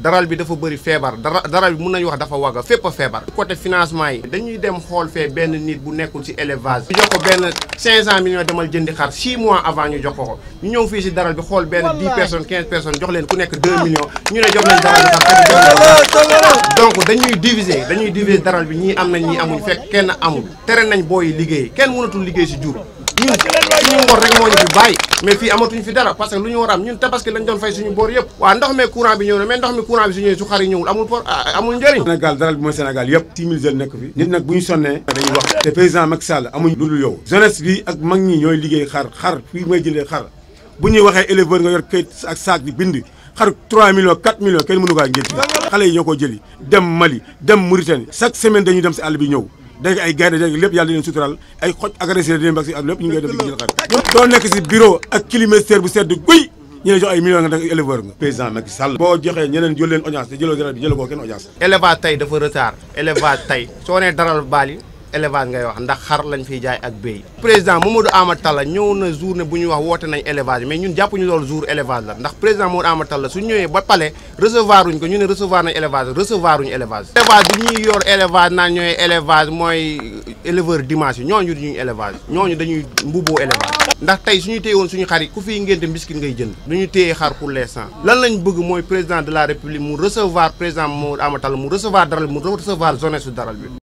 daral bi dafa bëri feebar daral bi mën nañu wax dafa waga fépp a feebar côté financement yi dañuy dem xool fee benn nit bu nekkul ci élevage ñu jox ko benn 500 millions demal jëndi xar 6 mois avant ñu jox ko ñu ñëw fii ci daral bi xool benn 10 personnes 15 personnes jox leen ku nekk 2 millions ñu ne jox leen daral bi sax donc dañuy diviser dañuy diviser daral bi ñii am nañ ñii amuñ fekk kenn amul tere nañ booy liggéey kenn mënatul liggéey ci jur ñun suñu ngor rek moo ñu fi bàyyi mais fii amatuñ fi dara parce que lu ñu war am ñun tabaski lañ doon fay suñu boor yëpp waaw ndox mee courant bi ñëw na mais ndox mi courant bi su ñëwee ah, nekk fi nit nag bu ñu sonnee dañuy wax te président Macky Sall amuñ lu dul yow jeunesse bi ak mag ñi ñooy liggéey xar xar fii may jëndee xar bu ñuy waxee éleveur nga yor kayit ak saak di bind xar 3 millions 4 millions kenn mënu kaa njënd xale yi ñoo ko jëli dem Mali dem Mauritanie dañuy dem si àll bi ñëw dégg ay gaynde dégg lépp yàlla leen sutural ay xoj agressé dinañ bak si àdduna lépp ñu ngi def jël xar doo nekk si bureau ak climatiseur bu sedd guy ñu jox ay millions nga def éleveur nga président Macky Sall boo joxee ñeneen jël leen audience te jëloo dara bi jëloo koo kenn audience élevage tey dafa retard élevage tey soo nee daral baal élevage ngay wax ndax xar lañ fiy jaay ak béy président Mamadou Amath Talla ñëw na journée bu ñu wax woote nañ élevage mais ñun jàpp ñu loolu jour élevage la ndax président Mamadou Amath Talla su ñëwee ba palais recevoir uñ ko ñu ne recevoir nañ élevage recevoir uñu élevage élevage bi ñuy yor élevage naan ñooy élevage mooy éleveur dimanche yi ñooñu duñuy élevage ñu dañuy mbubboo élevage ndax tey ñu téye woon suñu xar yi ku fiy ngénte mbiskit ngay jënd duñu téye xar pour l'instant lan lañ bëgg mooy président la république mu recevoir président Mamadou Amath Talla mu recevoir daral bi mu recevoir bi